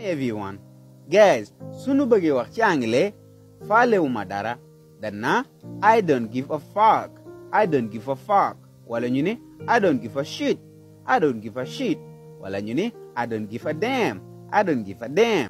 Hey everyone, guys, sunu bëggee wax ci anglais faalewuma dara danaa I don't give a fuck I don't give a fuck wala ñu ne I don't give a shit I don't give a shit wala ñu ne I don't give a damn I don't give a damn.